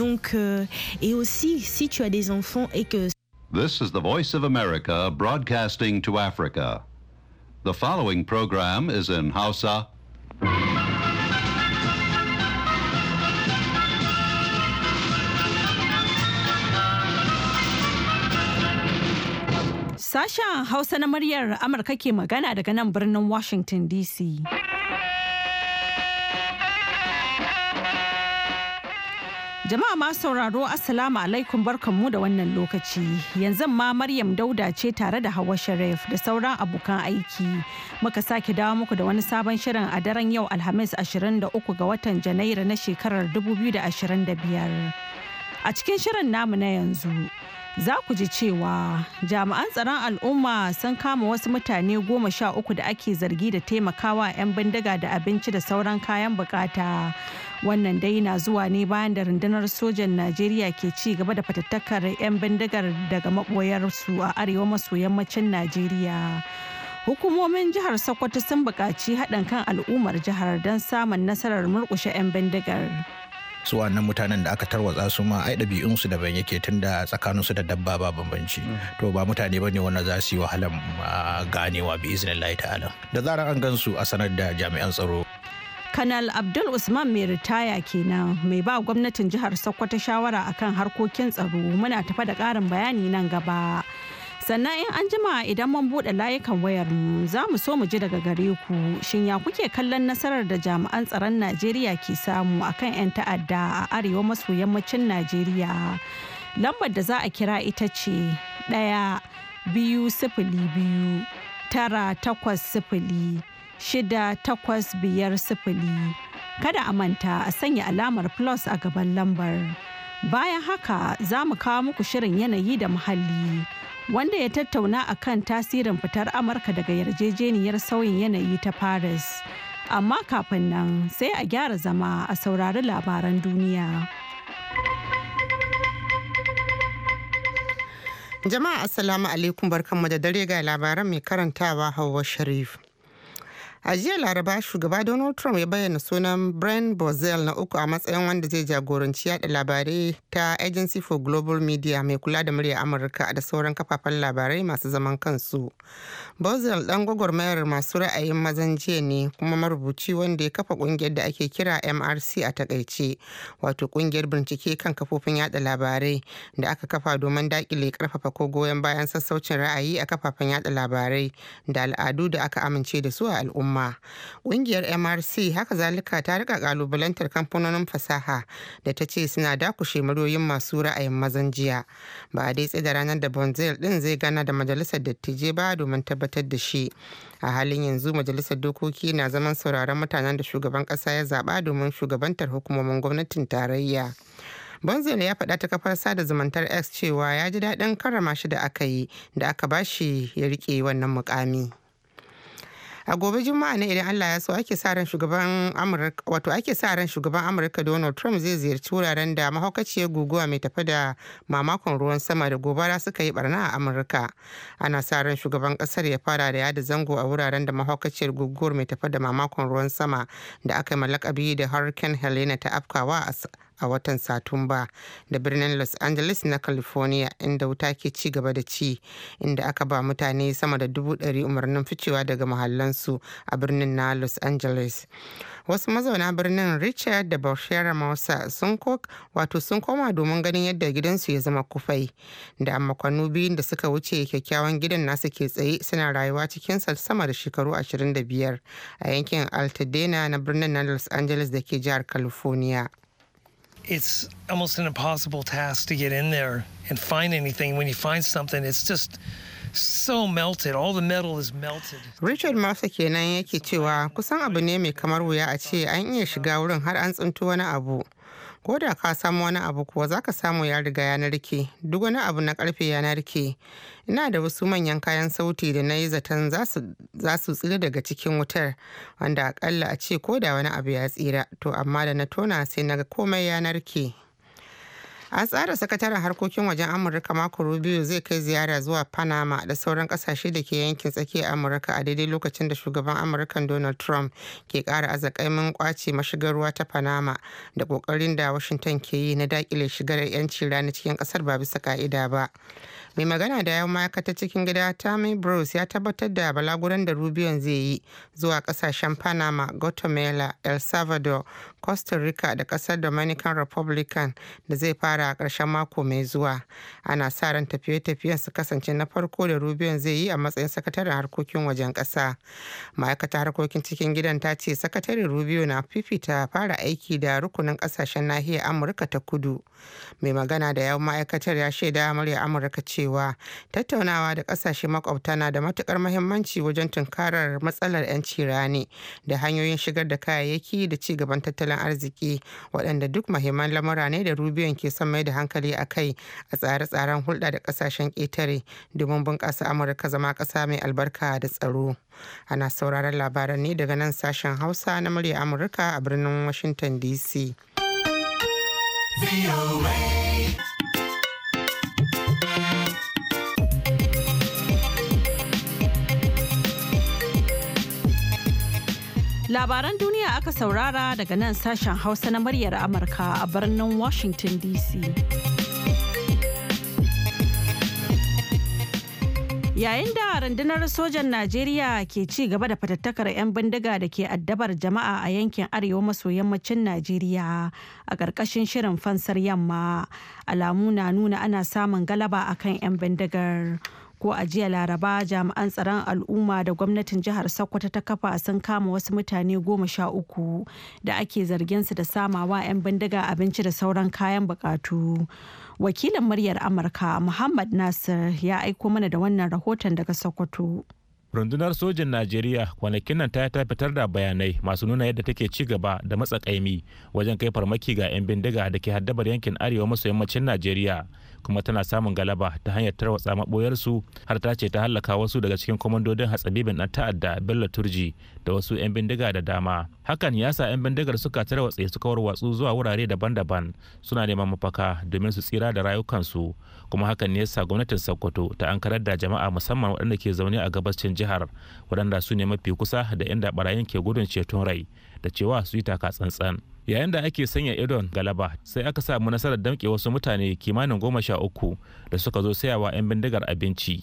Donc, euh, et aussi, si tu as des enfants et que... This is the Voice of America broadcasting to Africa. The following program is in Hausa. Sasha, Hausa na muryar Amurka ke magana daga nan birnin Washington DC. Jama'a ma sauraro Assalamu alaikum barkanmu da wannan lokaci. Yanzu ma Maryam Dauda ce tare da Hawa Sharif da sauran abokan aiki. Muka sake dawo muku da wani sabon shirin a daren yau Alhamis 23 ga watan Janairu na shekarar 2025. A cikin shirin namu na yanzu, za ku ji cewa jami'an tsaron al'umma sun kama wasu mutane goma sha uku da ake zargi da taimakawa 'yan bindiga da abinci da sauran kayan bukata wannan dai na zuwa ne bayan da rundunar sojan najeriya ke ci gaba da fatattakar 'yan bindigar daga maboyarsu a arewa maso yammacin najeriya hukumomin jihar sokoto sun buƙaci haɗin kan al'ummar jihar don samun nasarar murƙushe 'yan bindigar. su wannan mutanen da aka tarwatsa su ma ai ɗabi'unsu daban yake tun da su da dabba ba bambanci mm. to ba mutane ba ne wanda za su yi wahalan ah, ganewa bi lahi ta'ala da zarar an gansu a sanar da jami'an tsaro kanal abdul usman mai ritaya kenan mai ba gwamnatin jihar sokoto shawara akan harkokin tsaro muna tafa da ƙarin bayani nan gaba sannan in an jima idan mun buɗe layukan wayar mu za mu so mu ji daga gare ku shin ya kuke kallon nasarar da jami'an tsaron najeriya ke samu akan 'yan ta'adda a arewa maso yammacin najeriya lambar da za a kira ita ce ɗaya biyu sifili biyu tara takwas sifili shida takwas biyar sifili kada a manta a sanya alamar plus a gaban lambar bayan haka za mu kawo muku shirin yanayi da muhalli wanda ya tattauna a kan tasirin fitar amurka daga yarjejeniyar sauyin yanayi ta paris amma kafin nan sai a gyara zama a saurari labaran duniya jama'a assalamu alaikum barkanmu da dare ga labaran mai karantawa hawa sharif a jiya laraba shugaba donald trump ya bayyana sunan brian bozell na uku a matsayin wanda zai jagoranci yada labarai ta agency for global media mai kula da murya amurka da sauran kafafen labarai masu zaman kansu bozell dan gwagwarmayar masu ra'ayin mazan jiya ne kuma marubuci wanda ya kafa kungiyar da ake kira mrc a takaice wato kungiyar bincike kan kafofin yada labarai da aka kafa domin dakile karfafa ko goyon bayan sassaucin ra'ayi a kafafen yada labarai da al'adu da aka amince da su a al'umma al'umma ƙungiyar mrc haka zalika ta rika kalubalantar kamfanonin fasaha da ta ce suna dakushe muryoyin masu ra'ayin mazan jiya ba a dai da ranar da bonzel din zai gana da majalisar dattijai ba domin tabbatar da shi a halin yanzu majalisar dokoki na zaman sauraron mutanen da shugaban ƙasa ya zaɓa domin shugabantar hukumomin gwamnatin tarayya Bonzel ya faɗa ta kafar sada zumuntar X cewa ya ji daɗin karrama shi da aka yi da aka ba shi ya rike wannan mukami. a gobe juma'a ne idan allah ya so ake sa ran shugaban amurka wato ake sa ran shugaban amurka donald trump zai ziyarci wuraren da mahaukaciyar guguwa mai tafi da mamakon ruwan sama da gobara suka yi barna a amurka ana sa ran shugaban kasar ya fara da yada zango a wuraren da mahaukaciyar guguwar mai tafi da mamakon ruwan sama da aka yi mallakabi da hurricane helena ta afkawa a a watan satumba da birnin los angeles na california inda wuta ke ci gaba da ci inda aka ba mutane sama da dubu ɗari umarnin ficewa daga mahallansu a birnin na los angeles wasu mazauna birnin richard da bashara mausa sun wato sun koma domin ganin yadda gidansu ya zama kufai da makonu biyun da suka wuce kyakkyawan gidan nasu ke tsaye suna rayuwa cikin sama da shekaru 25 a yankin altadena na birnin na los angeles da ke jihar california it's almost an impossible task to get in there and find anything. When you find something, it's just so melted. All the metal is melted. Richard Murphy kenan yake cewa kusan abu ne mai kamar wuya a ce an iya shiga wurin har an tsinto wani abu. ko da ka samu wani abu kuwa za ka samu ya riga ya narke duk wani abu na karfe ya narke ina da wasu manyan kayan sauti da na yi zaton za su tsira daga cikin wutar wanda akalla a ce ko da wani abu ya tsira to amma da na tona sai na komai ya narke an tsara sakataren harkokin wajen amurka mako rubio zai kai ziyara zuwa panama da sauran kasashe da ke yankin tsakiyar amurka a daidai lokacin da shugaban amurka donald trump ke kara azakaimin kwace mashigar ruwa ta panama da kokarin da washington ke yi na dakile shigar yanci rana cikin kasar ba bisa ka'ida ba mai magana da yawan ma'aikata cikin gida tammy bruce ya tabbatar da balaguran da rubion zai yi zuwa kasashen panama guatemala el salvador costa rica da kasar dominican republican da zai fara a ƙarshen mako mai zuwa ana sa ran tafiye-tafiyen su kasance na farko da rubion zai yi a matsayin sakataren harkokin wajen ƙasa ma'aikata harkokin cikin gidan ta ce sakataren rubio na fifita fara aiki da rukunin kasashen nahiyar amurka ta kudu mai magana da yawan ma'aikatar ya shaida murya amurka ce cewa tattaunawa da kasashe makwabta na da matukar muhimmanci wajen tunkarar matsalar 'yanci rani da hanyoyin shigar da kayayyaki da ci gaban tattalin arziki waɗanda duk mahimman lamura ne da rubiyon ke son mai da hankali a kai a tsare-tsaren hulɗa da kasashen ƙetare domin bunƙasa amurka zama ƙasa mai albarka da tsaro ana sauraron labaran ne daga nan sashen hausa na murya amurka a birnin washington dc Labaran duniya aka saurara daga nan sashen Hausa na muryar Amurka a birnin Washington DC. Yayin da rundunar sojan Najeriya ke ci gaba da fatattakar 'yan bindiga da ke addabar jama'a a yankin arewa maso yammacin Najeriya a ƙarƙashin shirin fansar yamma, alamu na nuna ana samun galaba akan 'yan bindigar. ko a jiya laraba jami'an tsaron al'umma da gwamnatin jihar sokoto ta kafa sun kama wasu mutane goma sha uku da ake zargin su da samawa 'yan bindiga abinci da sauran kayan bukatu wakilin muryar amurka muhammad nasir ya aiko mana da wannan rahoton daga sokoto rundunar sojin najeriya kwanakin nan ta fitar da bayanai masu nuna yadda take ci gaba da matsakaimi wajen kai farmaki ga 'yan bindiga da ke haddabar yankin arewa maso yammacin najeriya kuma tana samun galaba ta hanyar tarwatsa maɓoyarsu har ta ce ta hallaka wasu daga cikin kwamandodin hatsabibin na ta'adda bello turji da wasu 'yan bindiga da dama hakan ya sa 'yan bindigar suka tarwatse suka warwatsu zuwa wurare daban-daban suna neman mafaka domin su tsira da rayukansu kuma hakan ne ya sa gwamnatin sokoto ta ankarar da jama'a musamman waɗanda ke zaune a gabashin jihar waɗanda su ne mafi kusa da inda barayin ke gudun ceton rai da cewa su yi taka tsantsan yayin da ake sanya idon galaba sai aka samu nasarar damƙe wasu mutane kimanin goma sha uku da suka zo sayawa 'yan bindigar abinci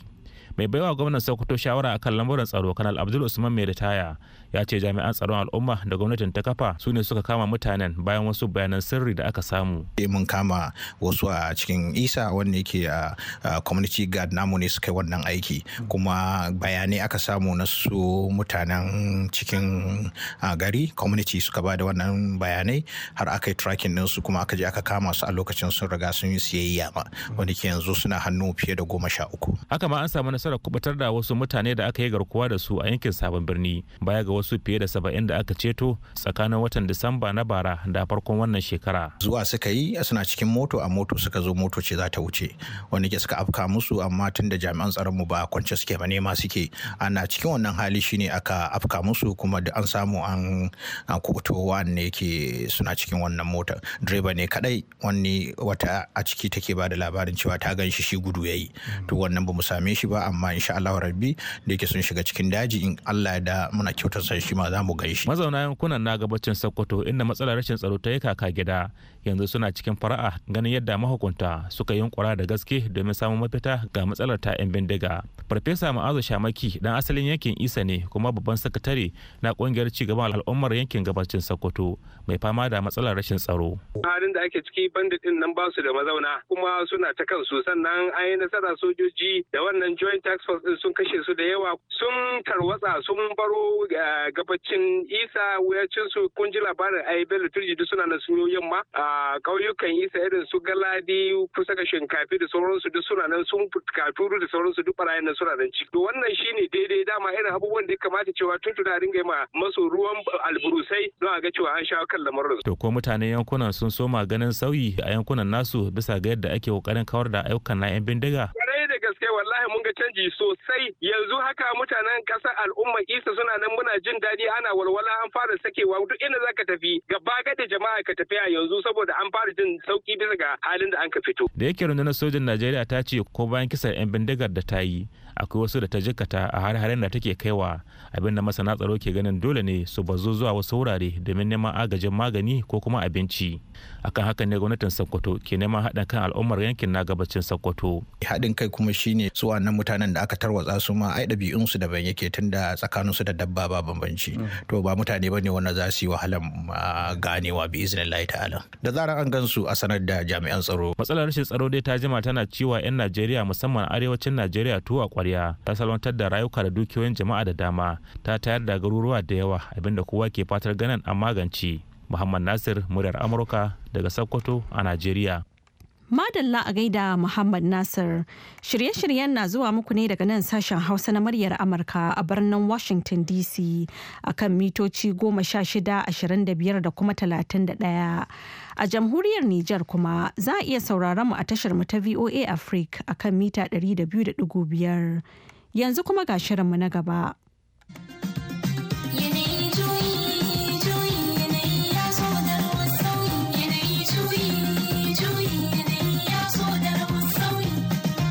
mai baiwa gwamnan sokoto shawara akan lamuran tsaro kanal abdul usman mai ritaya ya ce jami'an tsaron al'umma da gwamnatin ta kafa su ne suka kama mutanen bayan wasu bayanan sirri da aka samu eh, mun kama wasu a cikin isa wanda yake a community guard namu ne suka yi wannan aiki kuma bayanai aka samu na su mutanen cikin gari community suka ba da wannan bayanai har aka yi tracking su kuma aka je aka kama su a lokacin sun riga sun yi siyayya ma wanda ke yanzu suna hannu fiye da goma sha uku haka ma an samu nasarar kubutar da wasu mutane da aka yi garkuwa da su a yankin sabon birni baya ga wasu fiye da saba'in da aka ceto tsakanin watan disamba na bara da farkon wannan shekara zuwa suka yi suna cikin moto a moto suka zo moto ce za ta wuce wani ke suka afka musu amma tun da jami'an tsaron mu ba kwance suke ba nema suke ana cikin wannan hali shine aka afka musu kuma da an samu an kubuto wanne ke suna cikin wannan mota direba ne kadai wani wata a ciki take ba da labarin cewa ta ganshi shi shi gudu yayi to wannan ba mu same shi ba amma insha Allah rabbi da yake sun shiga cikin daji in Allah da muna kyautar sa shi ma za mu gaishe mazauna yankunan na gabacin Sokoto inda matsalar rashin tsaro ta yi kaka gida yanzu suna cikin fara'a ganin yadda mahukunta suka yunkura da gaske domin samun mafita ga matsalar ta 'yan bindiga farfesa ma'azu shamaki dan asalin yankin isa ne kuma babban sakatare na kungiyar gaban al'ummar yankin gabacin sokoto mai fama da matsalar rashin tsaro halin da ake ciki bandit din nan basu da mazauna kuma suna ta kansu sannan an yi nasara sojoji da wannan joint tax force din sun kashe su da yawa sun tarwatsa sun baro eh, gabacin isa wuyacin su kun ji labarin ai bello turji duk suna na yamma a ah, a ƙauyukan isa irin su galadi kusa ga shinkafi da sauransu duk suna nan sun kafuru da sauransu duk barayin nan suna nan ciki to wannan ne daidai dama irin abubuwan da ya kamata cewa tun tuna ringa ma masu ruwan alburusai don a ga cewa an shawo kan lamarin to ko mutanen yankunan sun soma ganin sauyi a yankunan nasu bisa ga yadda ake kokarin kawar da ayyukan na 'yan bindiga gaske wallahi mun ga canji sosai yanzu haka mutanen ƙasar al'umma isa suna nan muna jin daɗi ana walwala an fara sakewa duk inda zaka tafi gaba gada jama'a ka tafi yanzu saboda an fara jin sauki bisa ga halin da an ka fito. Da yake rundunar sojin Najeriya ta ce ko bayan kisan 'yan bindigar da ta yi akwai wasu da ta jikata a har-haren da take kaiwa abin da masana tsaro ke ganin dole ne su bazu zuwa wasu wurare domin neman agajin magani ko kuma abinci akan haka ne gwamnatin sokoto ke neman haɗin kan al'ummar yankin na gabacin sokoto haɗin kai kuma shine su wannan mutanen da aka tarwatsa su ma ai ɗabi'un su daban yake tunda tsakanin su da dabba ba bambanci mm. to ba mutane bane wanda za su yi wahalan ah, ganewa bi iznillahi ta'ala da zarar an gansu a sanar da jami'an tsaro matsalar rashin tsaro dai ta jima tana ciwa 'yan najeriya musamman arewacin najeriya tuwa kwarya ta salwantar da rayuka da dukiyoyin jama'a da dama ta tayar da garuruwa da yawa abinda kowa ke fatar ganin a magance muhammad nasir muryar amurka daga sokoto a najeriya Madalla a gaida Muhammad Nasir. Shirye-shiryen na zuwa muku ne daga nan sashen Hausa na muryar Amurka a birnin Washington DC a kan mitoci 16-25 da kuma 31. A jamhuriyar Nijar kuma za a iya sauraron mu a tashar mu ta VOA Africa a kan mita 200.5. Yanzu kuma ga shirinmu na gaba.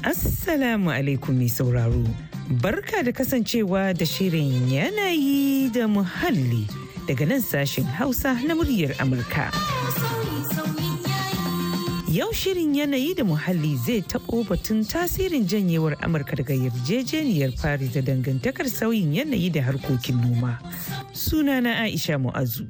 Assalamu alaikum mai sauraro. Barka da kasancewa da shirin yanayi da muhalli daga nan sashen Hausa na muryar Amurka. Yau shirin yanayi da muhalli zai taɓo batun tasirin janyewar Amurka daga yarjejeniyar Paris da dangantakar sauyin yanayi da harkokin noma. Suna na Aisha Mu'azu.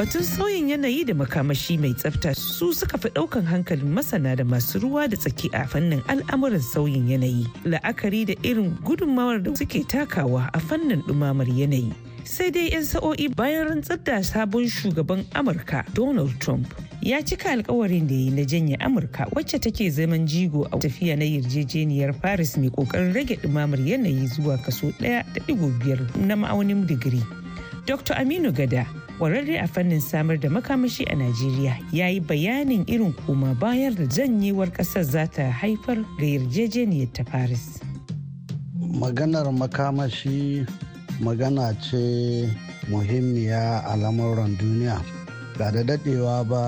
batun sauyin yanayi da makamashi mai tsafta su suka fi daukan hankalin masana da masu ruwa da tsaki a fannin al'amuran sauyin yanayi la'akari da irin gudunmawar da suke takawa a fannin dumamar yanayi sai dai 'yan sa'o'i bayan rantsar da sabon shugaban amurka donald trump ya cika alkawarin da yi na janye amurka wacce take zaman jigo a tafiya na yarjejeniyar paris mai kokarin rage ɗumamar yanayi zuwa kaso da biyar na ma'aunin digiri dr aminu gada wararre a fannin samar da makamashi a Najeriya ya yi bayanin irin koma bayar da janyewar ƙasar za ta haifar ga yarjejeniyar ta Paris. Maganar makamashi magana ce muhimmiya a lamuran duniya ga da dadewa ba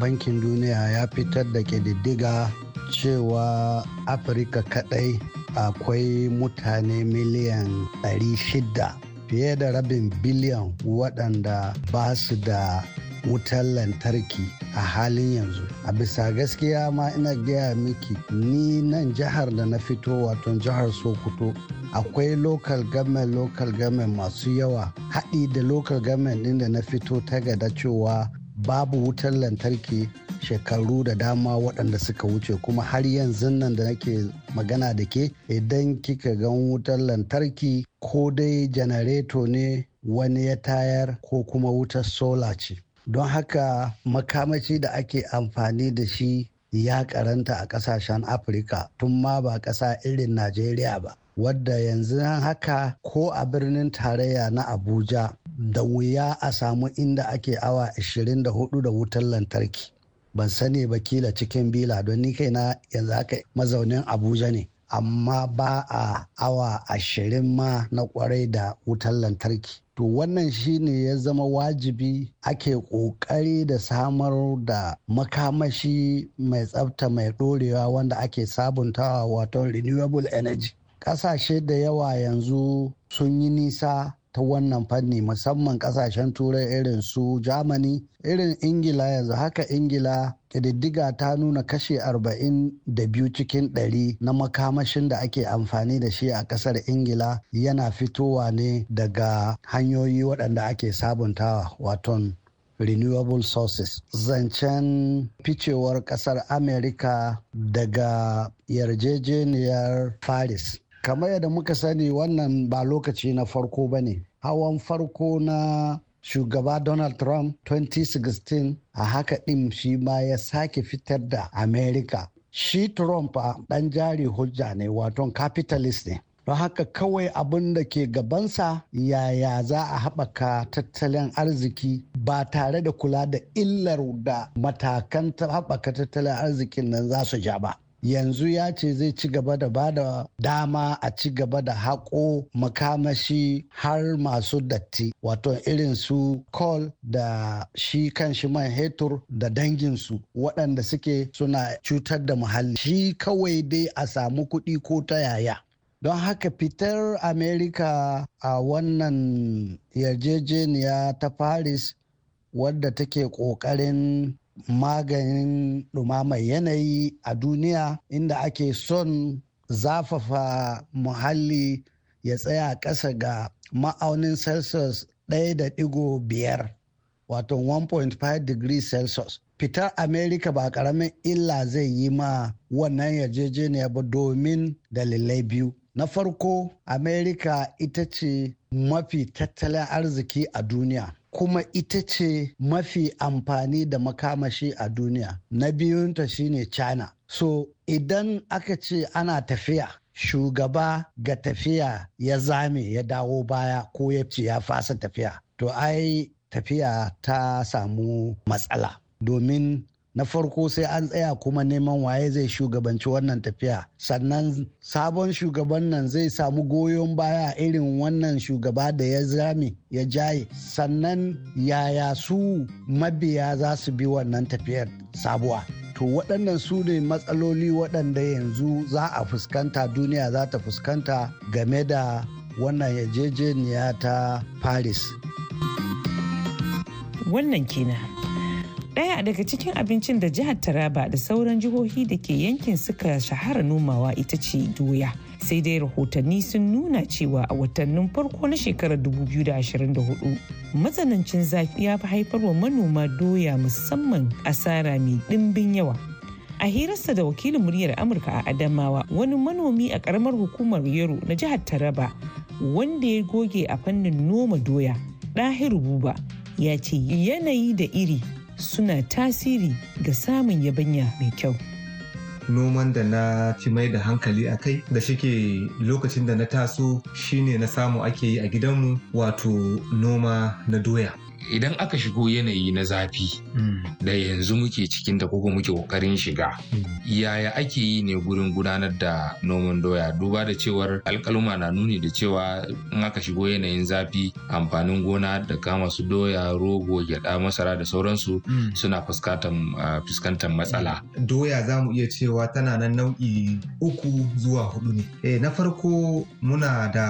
bankin duniya ya fitar da ƙididdiga cewa afirka kadai akwai mutane miliyan 600 fiye da rabin biliyan waɗanda ba su da wutar lantarki a halin yanzu a bisa gaskiya ma ina gaya miki ni nan jihar da na fito wato jihar sokoto akwai local government local government masu yawa haɗi da local government ɗin da na fito ta gada cewa babu wutar lantarki shekaru da dama waɗanda suka wuce kuma har yanzu nan da nake magana da ke idan kika gan wutar lantarki ko dai janareto ne wani ya tayar ko kuma wutar sola ce don haka makamaci da ake amfani da shi ya karanta a kasashen afirka tun ma ba kasa irin najeriya ba wadda yanzu haka ko a birnin tarayya na abuja da wuya a samu inda ake awa 24 da wutar lantarki ban sani ba kila cikin bila don ni kaina yanzu haka mazaunin abuja ne amma ba a awa 20 ma na kwarai da wutar lantarki to wannan shine ya zama wajibi ake ƙoƙari da samar da makamashi mai tsafta mai ɗorewa wanda ake sabuntawa wato renewable energy ƙasashe da yawa yanzu sun yi nisa ta wannan fanni musamman ƙasashen turai irin su germany irin ingila yanzu haka ingila ƙididdiga ta nuna kashe 42 cikin 100 na makamashin da ake amfani da shi a ƙasar ingila yana fitowa ne daga hanyoyi waɗanda ake sabuntawa waton renewable sources zancen ficewar ƙasar Amerika daga yarjejeniyar paris kamar yadda muka sani wannan ba lokaci na farko ba ne hawan farko na shugaba donald trump 2016 a haka ɗin shi ma ya sake fitar da amerika shi trump a ɗan jari hujja ne wato capitalist ne don haka kawai abin da ke gabansa yaya za a haɓaka tattalin arziki ba tare da kula da illar da matakan haɓaka tattalin arzikin nan za su ja ba yanzu ya ce zai ci gaba da ba da dama a ci gaba da haƙo makamashi har masu datti wato irin su col da shi kan shi man hetur da danginsu waɗanda suke suna cutar da muhalli shi kawai dai a samu kuɗi ko ta yaya don haka fitar america a wannan yarjejeniya ta paris wadda take ƙoƙarin maganin ɗumamar yanayi a duniya inda ake son zafafa muhalli ya tsaya ƙasa ga ma'aunin celsius ɗaya da ɗigo biyar wato 1.5 degree celsius fitar Amerika ba ƙaramin illa zai yi ma wannan yarjejeniya ba domin dalilai biyu na farko Amerika ita ce mafi tattalin arziki a duniya kuma ita ce mafi amfani da makamashi a duniya na biyunta shine china so idan aka ce ana tafiya shugaba ga tafiya ya zame ya dawo baya ko ya ce ya fasa tafiya to ai tafiya ta samu matsala domin na farko sai an tsaya kuma neman waye zai shugabanci wannan tafiya sannan sabon shugaban nan zai samu goyon baya irin wannan shugaba da ya zame ya jaye sannan yaya su mabiya za su bi wannan tafiyar sabuwa to waɗannan su ne matsaloli waɗanda yanzu za a fuskanta duniya za ta fuskanta game da wannan yarjejeniya ta paris wannan kenan Ɗaya daga cikin abincin da jihar Taraba da sauran jihohi da ke yankin suka shahara nomawa ita ce doya. Sai dai rahotanni sun nuna cewa a watannin farko na shekarar 2024 matsanancin zafi ya fi wa manoma doya musamman asara mai ɗimbin yawa. a hirarsa da wakilin muryar amurka a adamawa wani manomi a ƙaramar hukumar yaro na jihar taraba wanda ya goge a fannin noma doya ɗahiru buba ya ce yanayi da iri suna tasiri ga samun yabanya mai kyau. noman da na fi mai da hankali a kai da shike lokacin da na taso shine na samu ake yi a gidanmu wato noma na doya idan aka shigo yanayi na zafi hmm. da yanzu muke cikin da kuma muke kokarin shiga hmm. yaya ake yi ne gurin gudanar da noman doya duba da cewar alkaluma na nuni da cewa in aka shigo yanayin zafi amfanin gona da kama su doya rogo gyada masara da sauransu hmm. suna fuskantar matsala doya za mu iya cewa tana nan nau'i uku zuwa hudu ne eh, na farko muna da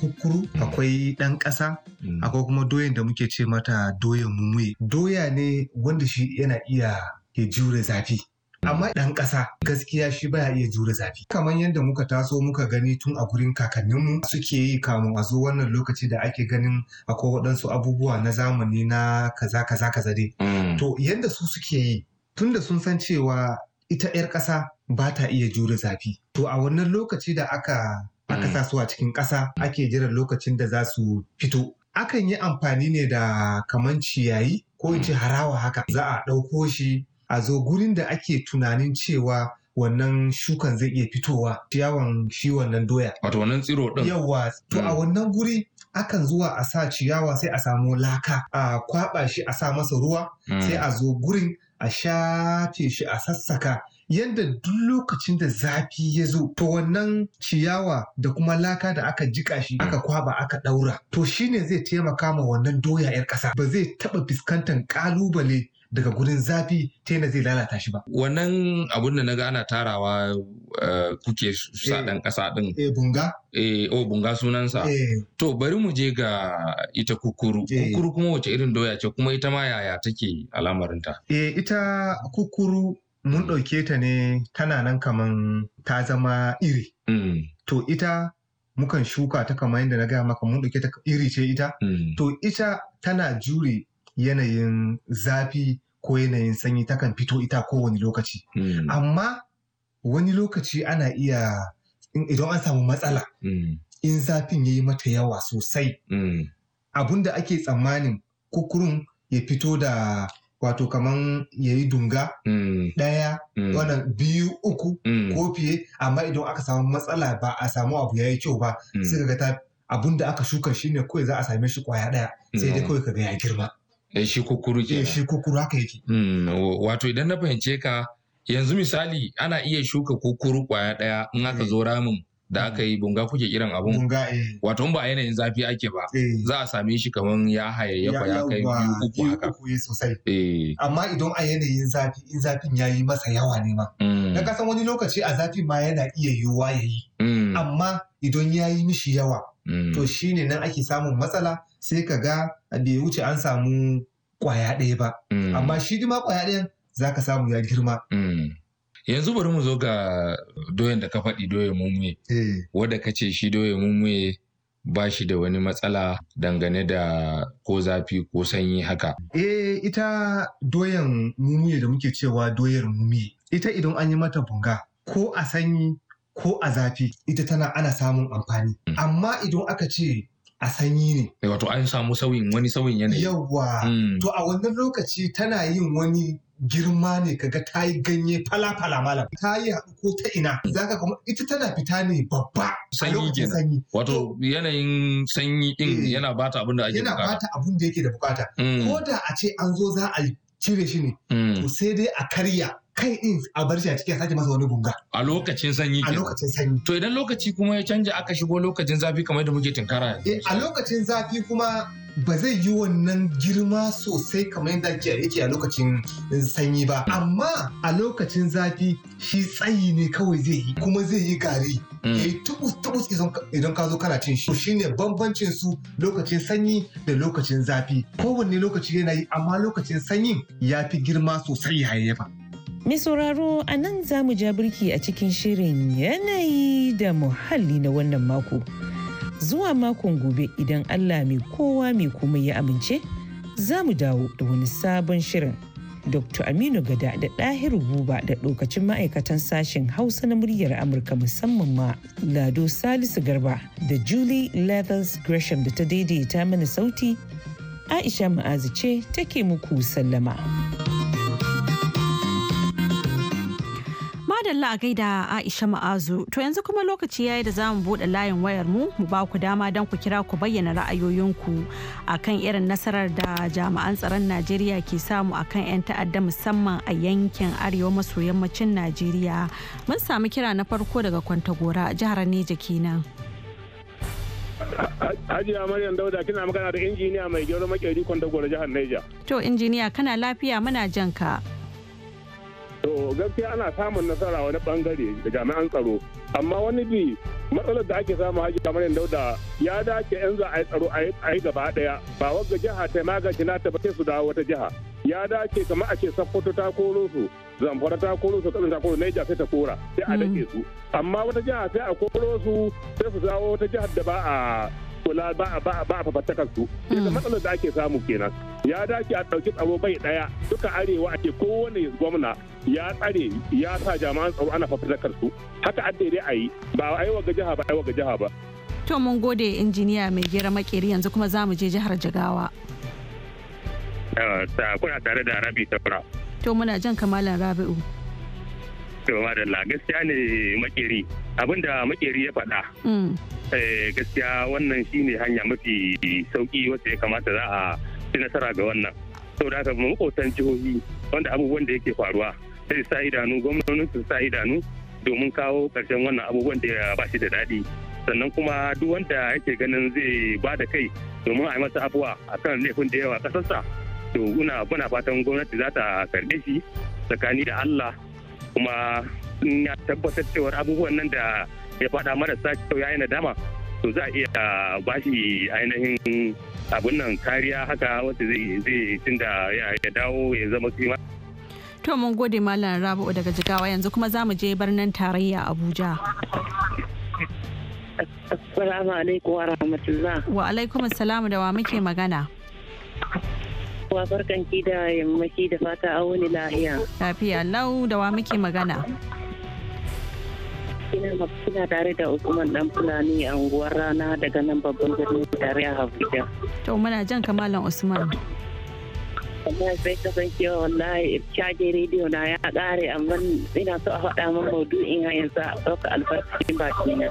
kukuru akwai ɗan ƙasa Mm. akwai kuma doyan da muke ce mata doyan mumuye doya ne wanda shi yana iya ya jure zafi mm. amma ɗan ƙasa gaskiya shi baya iya jure zafi kamar yadda muka taso muka gani tun a gurin kakanninmu suke yi kamun a zo wannan lokaci da ake ganin akwai waɗansu abubuwa na zamani na kaza kaza kaza dai mm. to yadda su suke yi tun da sun san cewa ita 'yar ƙasa ba ta iya jure zafi to a wannan lokaci da aka aka sa su a cikin ƙasa ake jiran lokacin da za su fito akan yi amfani ne da kaman ciyayi ko ce harawa haka za a ɗauko shi a zo gurin da ake tunanin cewa wannan shukan zai iya fitowa ciyawan shi wannan doya. Wato wannan tsiro ɗin. Yawwa, to a hmm. wannan guri akan zuwa a sa ciyawa sai a samu laka a kwaɓa shi a sa masa ruwa hmm. sai a zo gurin a shafe shi a sassaka yadda duk lokacin da zafi ya zo to wannan ciyawa da kuma laka da aka jika shi aka kwaba aka daura to shine zai taimaka ma wannan doya yar kasa ba zai taba fuskantar kalubale daga gudun zafi ta yana zai lalata shi ba. Wannan abun da na ga ana tarawa eh, kuke sadan eh. kasa din Eh bunga. Eh oh bunga sunansa. Eh. To bari mu je ga ita kukuru. Kukuru kuma wace irin doya ce kuma ita ma yaya take al'amarinta? Eh ita kukuru mun mm. ɗauke ta ne tana nan kaman ta zama iri. Mm. To ita mukan shuka ta kamar yadda na gaya maka mun ɗauke ta iri ce ita. Mm. To ita tana jure yanayin zafi ko yanayin sanyi takan fito ita kowane lokaci. Amma wani lokaci ana iya idan an samu matsala in zafin ya yi mata yawa sosai. Abun da ake tsammanin kukurun ya fito da wato kaman ya yi dunga mm. ɗaya mm. wannan biyu uku mm. ko fiye amma idan aka samu matsala ba a samu abu ya yi kyau ba sai ga ta abun da aka shuka shi ne kawai za a same shi kwaya ɗaya sai dai kawai ka ga ya girma. Eh, shi kukuru eh, ke shi kukuru haka yake. wato idan na fahimce ka yanzu misali ana iya shuka kukuru kwaya ɗaya in aka eh. zo ramin da mm. aka yi bunga kuke kiran abun bunga eh. wato ba yanayin zafi ake ba eh. za a same shi kamar ya hayayyafa ya kai biyu uku haka eh, amma idan a yanayin zafi in zafin ya yi masa yawa ne ma mm. na kasan wani lokaci a zafi ma yana iya yiwuwa ya yi mm. amma idan ya yi mishi yawa to shine nan ake samun matsala sai ka ga bai wuce an samu kwaya ɗaya ba amma shi ma kwaya ɗayan za ka samu ya girma yanzu bari mu zo ga doyan da ka faɗi doyan mumuye eh. wadda ka ce shi doyan mumuye ba shi da wani matsala dangane da ko zafi ko sanyi haka. Eh ita doyan mumuye da muke cewa doyar mumuye ita idan an yi mata bunga ko a sanyi ko a zafi ita tana ana samun amfani. Mm. Amma idan aka ce a sanyi ne. Eh, wato an samu sauyin wani sauyin yanayi. Yawwa. Mm. To a wannan lokaci tana yin wani girma ne kaga ta yi ganye fala-fala malam. Ta yi haɗu ko ta ina. Zaka kuma ita tana fita ne babba. Sanyi ke, Sanyi. Wato yanayin sanyi din eh. yana bata abin da ake bukata. Yana bata abin da yake da bukata. Mm. Ko da a ce an zo za a cire shi ne. Mm. To sai dai a karya. kai din a bar shi a cikin sake masa wani gunga. a lokacin sanyi a lokacin sanyi to idan lokaci kuma ya canja aka shigo lokacin zafi kamar da muke tinkara eh, a lokacin zafi kuma ba zai yi wannan girma sosai kamar yadda yake a lokacin sanyi ba amma a lokacin zafi shi tsayi ne kawai zai yi kuma zai yi gari hmm. ya yi tubus-tubus idan ka zo kana cin shi shine bambancin su lokacin sanyi da lokacin zafi kowanne lokaci yana yi amma lokacin sanyin ya fi girma sosai ya hayayyafa Mai sauraro a nan za mu ja birki a cikin shirin yanayi da muhalli na wannan mako. Zuwa makon gobe idan Allah mai kowa mai kuma ya amince, za mu dawo da wani sabon shirin. Dr. Aminu Gada da Ɗahiru Buba da ɗokacin ma'aikatan sashen Hausa na muryar Amurka musamman ma Lado Salisu Garba da Julie Leathers Gresham da ta daidaita mana sauti, Aisha Ma'azu ce take muku sallama. la a gaida Aisha Ma'azu. To yanzu kuma lokaci yayi da zamu bude layin wayar mu mu ba ku dama don ku kira ku bayyana ra'ayoyinku akan irin nasarar da jami'an tsaron Najeriya ke samu akan 'yan ta'adda musamman a yankin arewa maso yammacin Najeriya. Mun samu kira na farko daga Kwantagora jihar Neja kenan. Haji Amaryan Dauda kina magana da injiniya mai gero makeri Kwantagora jihar Neja. To injiniya kana lafiya muna jan ka. to gaskiya ana samun nasara wani bangare da jami'an tsaro amma wani bi matsalar da ake samu haji kamar yadda da ya dace yan za a yi tsaro a yi gaba daya ba wagga jiha ta magaji na ta su dawo wata jiha ya dace kamar a ce sakkwato ta koro su zamfara ta koro su kaduna ta koro na sai ta kora sai a dake su amma wata jiha sai a koro su sai su dawo wata jihar da ba a kula ba ba ba a fafattakar su hmm. matsalar da ake samu kenan ya dace a ɗauki tsaro bai ɗaya duka arewa ake kowane gwamna ya tsare ya sa jama'an tsaro ana fafutakar su haka an daidai a yi ba a yi wa jiha ba a yi wa jiha ba. to mun gode injiniya mai gera makeri yanzu kuma za mu je jihar jigawa. Eh, kuna tare da rabi saura. to muna jan kamalan rabi'u. to da gaskiya ne makeri abinda makeri ya faɗa. Mm. Eh, gaskiya wannan shine hanya mafi sauki wacce ya kamata za a ci nasara ga wannan. saboda haka mu jihohi wanda abubuwan da yake faruwa sai sa idanu gwamnonin su sa idanu domin kawo karshen wannan abubuwan da ba shi da daɗi sannan kuma duk wanda yake ganin zai ba da kai domin a yi masa a akan laifin da yawa ƙasarsa to una muna fatan gwamnati za ta karɓe shi tsakani da Allah kuma in ya tabbatar cewar abubuwan nan da ya fada marasa kyau ya yi nadama to za a iya ba shi ainihin abin nan kariya haka wanda zai zai tunda ya dawo ya zama kima To mun gode Malam rabu daga Jigawa yanzu kuma za mu je birnin tarayya Abuja. Assalamu alaikum wa rahmatullah. Wa alaikum assalamu da wa muke magana. Wa barkanki da yammaci da fata a wani lahiya. Lafiya lau da wa muke magana. Kina tare da hukumar dan Fulani a unguwar rana daga nan babban birnin tare a Abuja. To muna jan kamalan Usman. wallahi sai cewa wallahi caje rediyo na ya kare amma ina so a faɗa min maudu'in ha yanzu a ɗauka albarkacin baki na.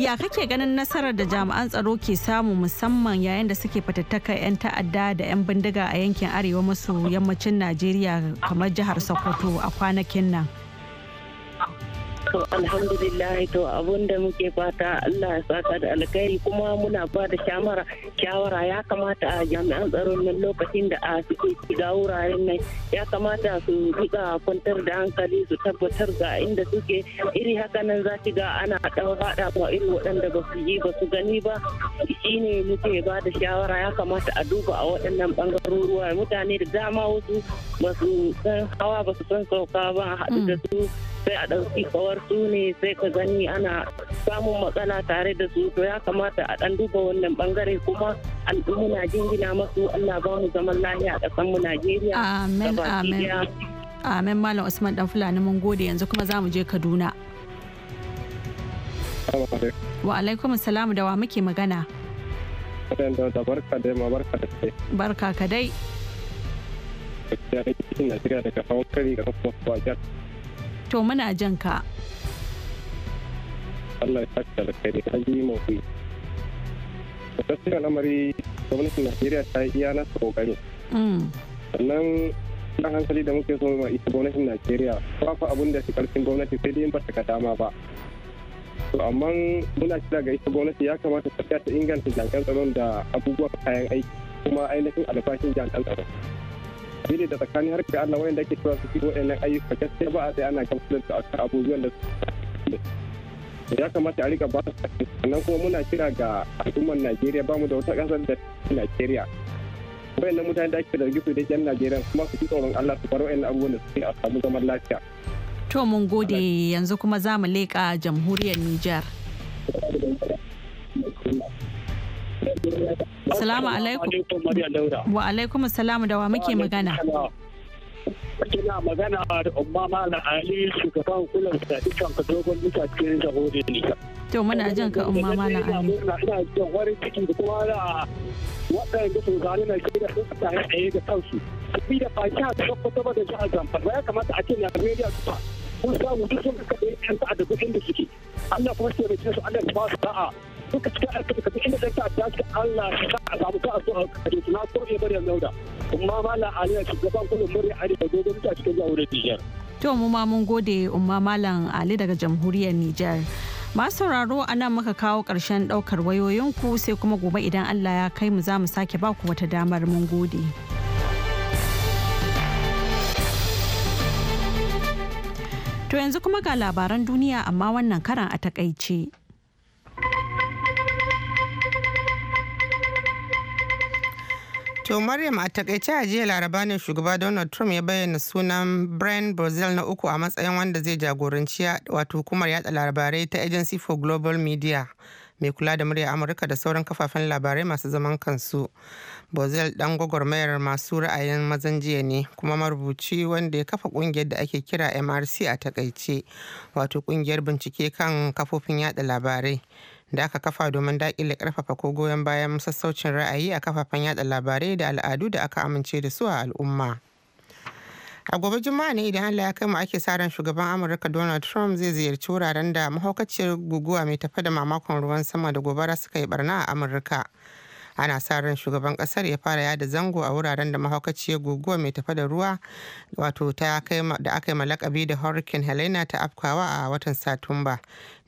Ya kake ganin nasarar da jami'an tsaro ke samu musamman yayin da suke fatattaka 'yan ta'adda da 'yan bindiga a yankin arewa maso yammacin Najeriya kamar jihar Sokoto a kwanakin nan? To alhamdulillah to abun da muke fata Allah ya saka da alkhairi kuma muna ba da shawara shawara ya kamata a jami'an tsaron nan lokacin da a suke shiga wuraren nan ya kamata su rika kwantar da hankali su tabbatar ga inda suke iri haka nan za ga ana dan hada ko iri waɗanda ba su yi ba su gani ba shine muke ba da shawara ya kamata a duba a waɗannan bangaruruwa mutane da dama wasu ba su san hawa ba su san sauka ba a haɗu da su sai a ɗauki kawar su ne sai ka gani ana samun matsala tare da su to ya kamata a ɗan duba wannan bangare kuma muna jingina masu Allah ba mu zaman lahiya a ƙasar mu Najeriya. Amen amen. Amen Malam Usman Dan Fulani mun gode yanzu kuma za mu je Kaduna. Wa alaikum salamu da wa muke magana. Barka dai ma Barka ka dai. to muna jan ka Allah ya saka da kai da yi mafi da gaskiya lamari gwamnatin Najeriya ta yi iya nasa kokari mm. sannan na hankali da muke so ma ita gwamnatin Najeriya ba fa abun da su karfin gwamnati sai dai ba ta dama ba to amma muna kira ga ita gwamnati ya kamata ta ta inganta jami'an tsaron da abubuwan kayan aiki kuma ainihin albashin jami'an tsaron ne da tsakanin harka da Allah wayanda ake cewa su fi wayannan ayyuka gaske ba a sai ana kamfanin su kan abubuwan da ya kamata a rika ba su sannan kuma muna kira ga al'ummar Najeriya ba mu da wata kasar da Najeriya wayannan mutane da ake zargi su da yan Najeriya kuma su fi tsoron Allah su bar wayannan abubuwan da suke a samu zaman lafiya to mun gode yanzu kuma za mu leƙa jamhuriyar Nijar. Salamu alaikum. Wa alaikum salamu da wa muke magana. Kina magana da umma Malam Ali shugaban kula da dukkan dogon duka cikin jahori ne. To muna jan ka umma Malam Ali. Ina jin wani ciki da kuma da waɗanda su zane na ke da suka tare yi da kansu. Kabi da baki a cikin kwata ba da jihar Zamfara ya kamata a ce na Najeriya su kun samu duk sun kaɗe 'yan da duk da suke. Allah kuma su yi da su Allah ya ba su da'a duka cikin harkar ka inda zai ta dace Allah ka sa a samu ka a so a doki na so ne bari ya da umma malam aliya shugaban kullum murya ali da dogon ta cikin jamhuriyar Nijar. To mu ma mun gode umma malam Ali daga jamhuriyar Nijar. Masu sauraro a nan muka kawo ƙarshen ɗaukar wayoyinku sai kuma gobe idan Allah ya kai mu za mu sake baku wata damar mun gode. To yanzu kuma ga labaran duniya amma wannan karan a takaice. To Maryam a takaice a jiya laraba ne shugaba Donald Trump ya bayyana sunan Brian Brazil na uku a matsayin wanda zai jagoranci wato hukumar yatsa labarai ta Agency for Global Media mai kula da murya Amurka da sauran kafafen labarai masu zaman kansu. Brazil dan gwagwarmayar masu ra'ayin mazan jiya ne kuma marubuci wanda ya kafa kungiyar da ake kira MRC a takaice wato kungiyar bincike kan kafofin yada labarai. da aka kafa domin daƙile ƙarfafa ko goyon bayan sassaucin ra'ayi a kafafen yada labarai da al'adu da aka amince da su a al'umma. a gobe juma'a ne idan allah ya kai mu ake sa ran shugaban amurka donald trump zai ziyarci wuraren da mahaukaciyar guguwa mai tafe da mamakon ruwan sama da gobara suka yi barna a amurka ana sa ran shugaban kasar ya fara yada zango a wuraren da mahaukaciyar guguwa mai tafa da ruwa wato ta da aka yi malakabi da hurricane helena ta afkawa a watan satumba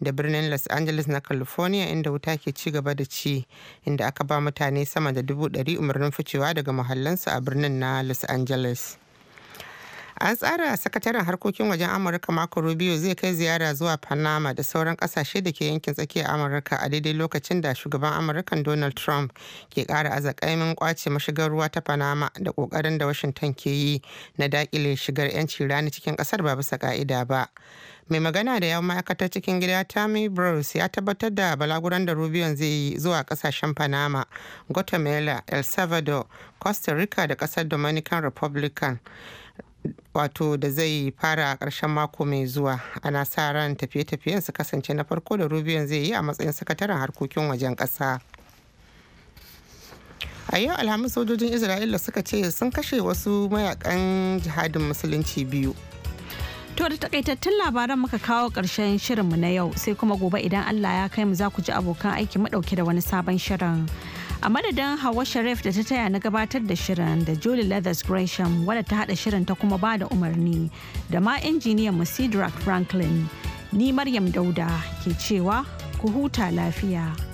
da birnin los angeles na california inda wuta ke ci gaba da ci inda aka ba mutane sama da dubu ɗari umarnin ficewa daga muhallansu a birnin na los angeles An tsara sakataren harkokin wajen Amurka Marco Rubio zai kai ziyara zuwa Panama da sauran kasashe da ke yankin tsakiyar Amurka a daidai lokacin da shugaban Amurkan Donald Trump ke kara azakaimin kwace mashigar ruwa ta Panama da kokarin da Washington ke yi na dakile shigar 'yanci rani cikin kasar ba bisa ka'ida ba. mai magana da yawon ma'aikatar cikin gida tammy bruce ya tabbatar da balaguran da rubion zai yi zuwa kasashen panama guatemala el salvador costa rica da kasar dominican republican wato da zai fara a ƙarshen mako mai zuwa ana sa ran tafiye-tafiyen su kasance na farko da rubin zai yi a matsayin sakataren harkokin wajen ƙasa a yau alhamis sojojin isra'ila suka ce sun kashe wasu mayakan jihadin musulunci biyu To da takaitattun labaran muka kawo ƙarshen shirinmu na yau sai kuma gobe idan Allah ya kai mu za ku ji abokan aiki madauke da wani sabon shirin. a madadin hawa sharif da ta taya na gabatar da shirin da julie leathers gresham wadda ta hada shirin ta kuma ba da umarni da ma injiniyan mu franklin ni maryam dauda ke cewa ku huta lafiya.